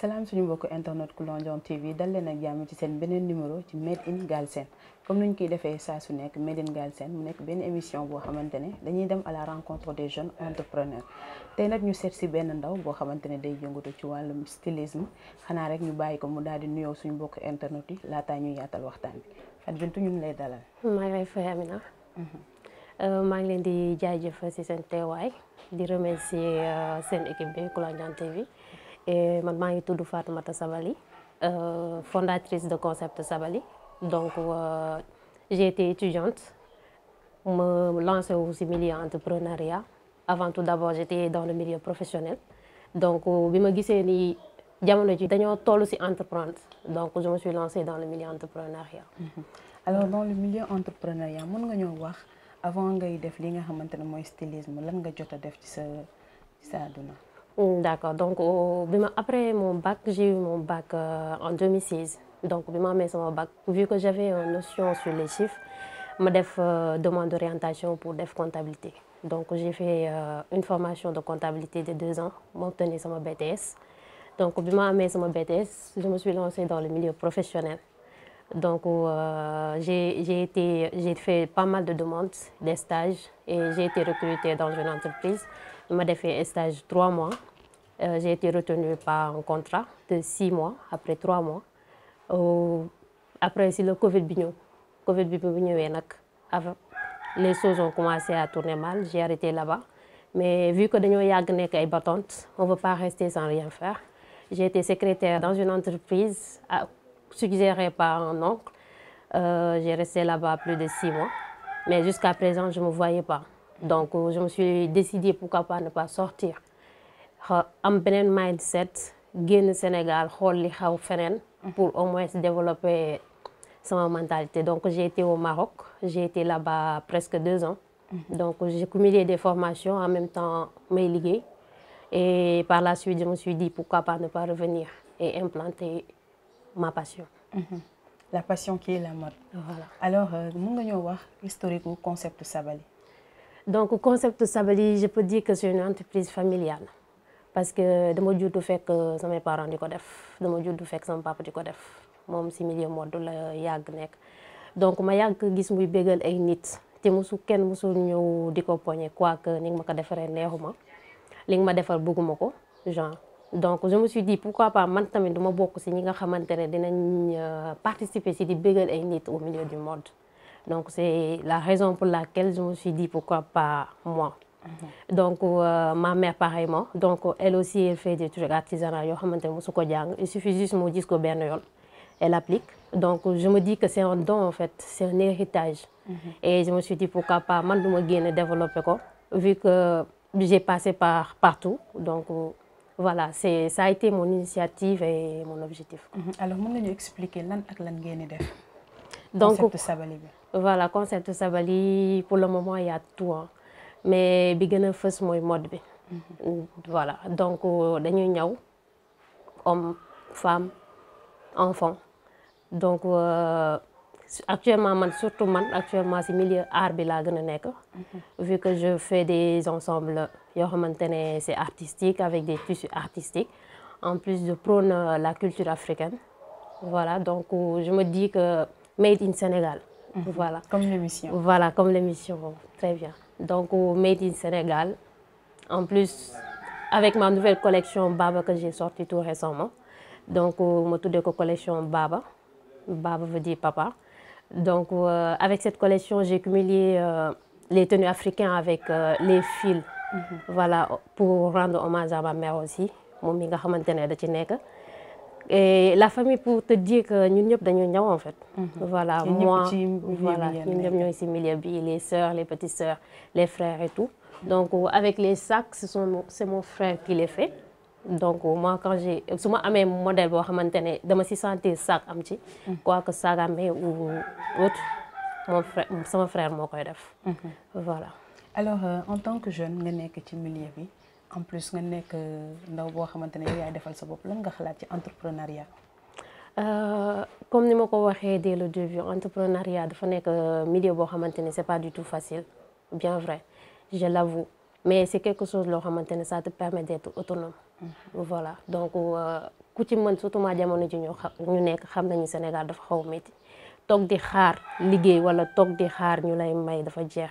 salaam suñu mbokku internet Kulanjan TV dal leen ak jàmm ci seen beneen numéro ci Made in Galsen comme ni ñu koy defee saa su nekk Made in Galsen mu nekk benn émission boo xamante ne dañuy dem à la rencontre des jeune entrepreneurs tey nag ñu seet si benn ndaw boo xamante ne day yëngatu ci wàllum stylisme xanaa rek ñu bàyyi ko mu daal di nuyoo suñu mbokku internet yi laataa ñuy yaatal waxtaan bi Fatou Bintou ñu ngi lay dalal. maa ngi lay fay Amina. Euh, maa ngi leen di jaajëfal si seen teewaay di remercier euh, seen équipe bi Kulanjan TV. et man maa ngi Fatoumata Sabali euh, fondatrice de Concept Sabali donc euh, j'ai été étudiante ma lancé au milieu entrepreneuriat avant tout d'abord j'étais dans le milieu professionnel donc euh, bi ma gisee ni jamono ji dañoo toll entreprendre donc je me suis lancée dans le milieu entrepreneuriat mm-hmm. alors dans le milieu entrepreneuriat mon nga ñoo wax avant ngay def li nga xamante ne stylisme lan nga jot a def ci sa sa Mm, d'accord. Donc, après mon bac, j'ai eu mon bac euh, en 2006. Donc, mon bac, vu que j'avais une notion sur les chiffres, je fait euh, demande d'orientation pour def comptabilité. Donc, j'ai fait euh, une formation de comptabilité de deux ans. J'ai mon BTS. Donc, après mon BTS, je me suis lancée dans le milieu professionnel. Donc, j'ai j'ai fait pas mal de demandes, des stages, et j'ai été recrutée dans une entreprise ma un stage trois mois euh, j'ai été retenue par un contrat de six mois après trois mois après aussi le Covid bi Covid les choses ont commencé à tourner mal j'ai arrêté là-bas mais vu que nous avons des battantes on veut pas rester sans rien faire j'ai été secrétaire dans une entreprise suggérée par un oncle euh, j'ai resté là-bas plus de six mois mais jusqu'à présent je ne me voyais pas donc je me suis décidée pourquoi pas ne pas sortir am mindset Sénégal li mhm. pour au moins développer sa mentalité donc j'ai été au Maroc j'ai été là-bas presque deux ans mhm. donc j'ai cumulé des formations en même temps mes ligues et par la suite je me suis dit pourquoi pas ne pas revenir et implanter ma passion mhm. la passion qui est la mode voilà alors euh, mun nga vu wax historique le concept Sabali? donc concept Sabali je peux dire que c'est une entreprise familiale parce que dama juddu fekk samay parents di ko def dama juddu fekk sama papa di ko def moom si milieu mode la yàgg nekk donc ma yàgg gis muy bégal ay nit te musu kenn musul ñëw di ko poñe quoi que ni nga ma ko defaree neexuma li nga ma genre donc je me suis dit pourquoi pas man tamit du ma bokk si ñi nga xamante ne dinañ euh, participer si di bégal ay nit au milieu du mode donc c'est la raison pour laquelle je me suis dit pourquoi pas moi. Mhm. donc euh, ma mère pareillement donc elle aussi elle fait des trucs artisanaux il suffit juste de ko elle applique donc je me dis que c'est un don en fait c'est un héritage. Mhm. et je me suis dit pourquoi pas moi développer vu que j'ai passé par partout donc voilà ça a été mon initiative et mon objectif. Mhm. alors je vais expliquer ce que vous avez fait donc voilà concert Sabali pour le moment il y a tout hein. mais bi y a fës mode bi. Mm-hmm. voilà donc euh, dañuy ñaw homme femme enfant donc euh, actuellement surtout man actuellement le milieu art bi mm-hmm. vu que je fais des ensembles artistiques c'est artistique avec des tissus artistiques en plus je prône la culture africaine voilà donc euh, je me dis que made in Sénégal. Mhm. Voilà. Comme l'émission. Voilà, comme l'émission. Très bien. Donc, au euh, Made in Sénégal, en plus, avec ma nouvelle collection Baba que j'ai sortie tout récemment. Donc, euh, ma toute collection Baba. Baba veut dire papa. Donc, euh, avec cette collection, j'ai cumulé les tenues africaines avec les fils. Mhm. Voilà, pour rendre hommage à ma mère aussi. Mon et la famille pour te dire que nous sommes dañu ñaw en fait. Mhm. voilà moi voilà les sœurs les petites sœurs les frères et tout. donc avec les sacs c'est mon frère qui les fait. donc moi quand j'ai si ma un modèle boo xamante ne dama ci sentir sac mhm. quoi que sac mais ou autre c'est mon frère qui frère fait. Mhm. voilà. alors euh, en tant que jeune nga que ci milieu bi en plus nga nek euh, ndaw bo xamantene ne yow yaay defal sa bop lan nga xalat ci entrepreneuriat. Euh, comme ni ma ko dès le début entrepreneuriat dafa nek euh, milieu bo xamantene c'est pas du tout facile bien vrai je l'avoue mais c'est quelque chose lo xamantene ça te permet d'être autonome. Mhm. voilà donc ku ci mën surtout ma jamono ci ñu ñu nek xam nañu Sénégal dafa xaw metti tok di xaar liggéey wala tok di xaar ñu lay may dafa jeex.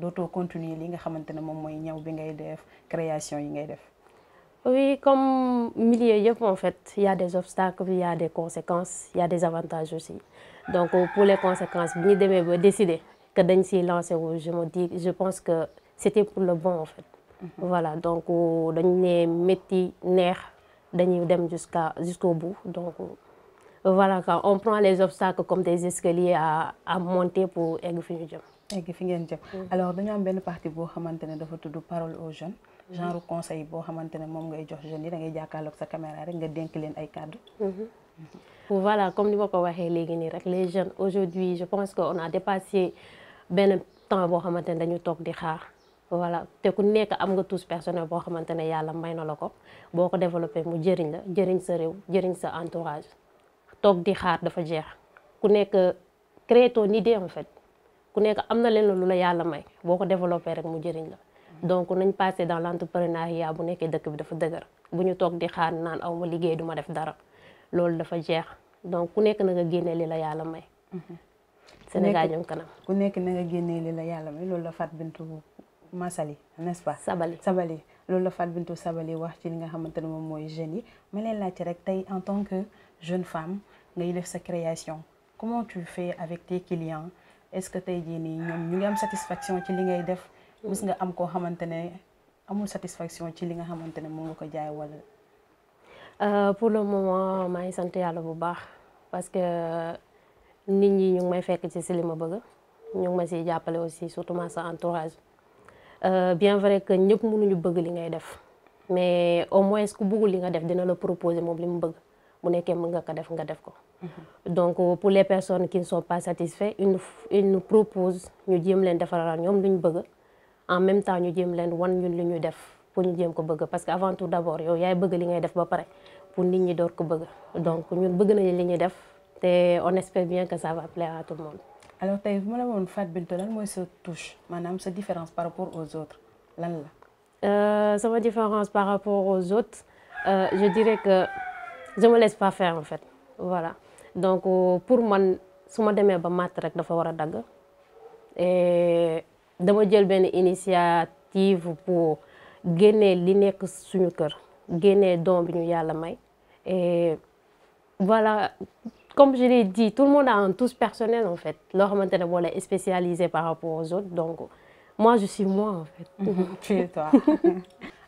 dootoo continuer li nga xamantene mom moy ñaw bi ngay def création yi ngay def. oui comme milieu yëpp en fait il y a des obstacles il y a des conséquences il y a des avantages aussi donc pour les conséquences ni ñu ba décider que dañ ci lancer je me dis je pense que c'était pour le bon en fait. Mhm. voilà donc dañ né metti neex dañuy dem jusqu'à jusqu'au bout donc voilà quand on prend les obstacles comme des escaliers à à monter pour egg fi ñu jëm. egg fi mm. alors dañu am benn partie boo xamante ne dafa tudd parole aux jeunes. Mm. genre conseil boo xamante ne moom ngay jox jeunes yi da ngay jàkkaarloog sa caméra rek nga dénk leen ay kàddu. Mm-hmm. Mm-hmm. voilà comme ni ma ko waxee rek les jeunes aujourd'hui je pense que on a dépassé ben temps boo xamante ne dañu toog di xaar. voilà te ku nekk am nga tous personnel pour maintenir y a la main dans le corps mu jëriñ la jëriñ sa réew jëriñ sa entourage. toog di xaar dafa jeex ku nekk créer ton idée en fait ku nekk am na leen lu la yàlla may boo ko développé rek mu jëriñ la donc nañ passé dans l'entrepreneuriat bu nekkee dëkk bi dafa dëgër bu ñu toog di xaar naan aw ma liggéey du ma def dara loolu dafa jeex donc ku nekk na nga génnee la yàlla may mhm. Sénégal jëm kanam ku nekk na nga génnee li la yàlla may loolu la Fatou Bintou Massaly n'est-ce pas Sabali Sabali loolu la Fatou Bintou Sabali wax ci li nga xamante ne moom mooy jeunes yi ma leen laajte rek tey en tant que jeune femme ngay def sa création comment tu fais avec tes clients est-ce que tey jii nii ñoom ñu ngi am satisfaction ci li ngay def mës nga am koo xamante amul satisfaction ci li nga xamante mu nga jaay wala euh, pour le moment maa ngi sant yàlla bu baax parce que euh, nit ñi ñu ngi may fekk ci si li ma bëgg ñu ngi ma siy jàppale aussi surtout ma sa entourage euh, bien vrai que ñëpp mënuñu bëgg li ngay def mais au moins ku bëggul li nga def dina la proposer moom li mu bëgg nga ko donc pour les personnes qui ne sont pas satisfaites ils nous nous proposent de faire leen defaral en même temps ñu disent leen wan ñun lu ñuy def pour ñu ko parce que avant tout d'abord il y a li ngay def ba pour nit ñi door ko bëgg donc nous bëgg un li def Et on espère bien que ça va plaire à tout le monde. alors tu as vu une fête Fat Bintou lan touche madame sa différence par rapport aux autres lan la. va euh, différence par rapport aux autres euh, je dirais que je ne me laisse pas faire en fait voilà donc euh, pour man su je demee ba matt rek dafa war et dama jël une initiative pour gagner li nekk suñu cœur, gagner le don ñu et voilà comme je l'ai dit tout le monde a un tous personnel en fait leur est spécialisé par rapport aux autres donc moi je suis moi en fait. tu es toi.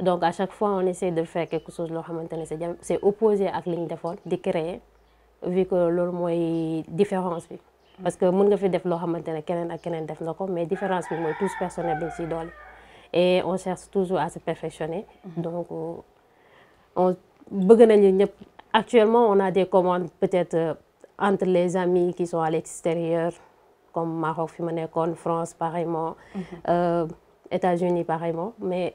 donc à chaque fois on essaie de faire quelque chose c'est opposé à ligne de créer vu que c'est la différence parce que les nga fi def loo xamante ne mais ak mais différence c'est tous les personnes sont doole et on cherche toujours à se perfectionner mhm. donc euh, on actuellement on a des commandes peut-être euh, entre les amis qui sont à l'extérieur comme Maroc fi France pareillement mhm. euh, États-Unis pareillement mais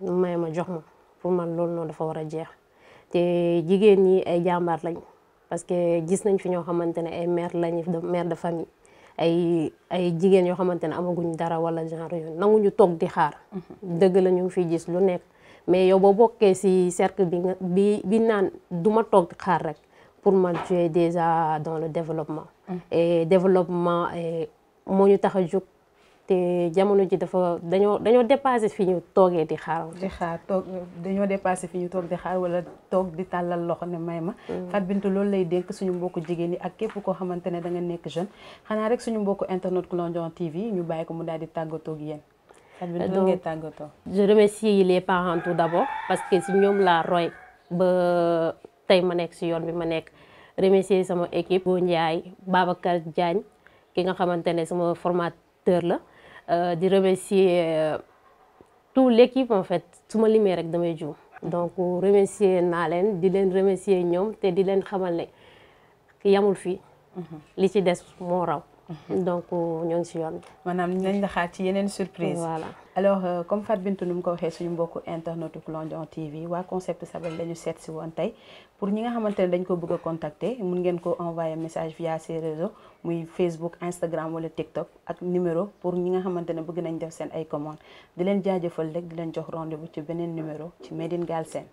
lu may ma jox ma pour man loolu noonu dafa war a jeex te jigéen ñi ay jàmbaar lañ parce que gis nañ fi ñoo xamante ne ay mère lañ maire de famille ay ay jigéen yoo xamante ne amaguñ dara wala genre yoon ñu toog di xaar mhm. dëgg la ñu ngi gis lu nekk mais yow boo bokkee si cercle bi nga bi bi naan du ma toog di xaar rek pour man tu es déjà dans le développement mhm. et développement moo ñu tax a jóg te jamono ji dafa dañoo dañoo dépassé fi ñu toogee di xaar. di xaar toog dañoo dépassé fi ñu toog di xaar wala toog di tàllal loxo ne may ma. Mm. Fatou Bintou loolu lay dénk suñu mbokku jigéen ñi ak képp koo xamante ne da nga nekk jeune xanaa rek suñu mbokku internet Kulanjan TV ñu bàyyi ko mu daal di tàggatoo ak yéen. Fatou Bintou ngay tàggatoo. je remercie les parents tout d'abord parce que si ñoom laa roy ba tey ma nekk si yoon bi ma nekk remercier sama équipe. Bo Ndiaye Babacar Diagne ki nga xamante ne sama formateur la. Euh, di remercier euh, tout l'équipe en fait su ma limee rek damay juum donc remercier naa leen di leen remessier ñoom te di leen xamal ne yamul fii mhm. li ci des moo raw Mhm. donc euh, ñoo ngi si yoon bi. maanaam nañ la ci yeneen surprise. voilà alors euh, comme Fatou Bintou nu mu ko waxee suñu mbokku internet u Londian TV waa concept Sabel la ñu seet si woon tey pour ñi nga xamante ne dañ ko bëgg a contacter mun ngeen ko envoyer message via ses réseaux muy Facebook Instagram wala TikTok ak numéro pour ñi nga xamante ne bëgg nañ def seen ay commandes di leen jaajëfal rek di leen jox rendez bu ci beneen numéro ci Médine seen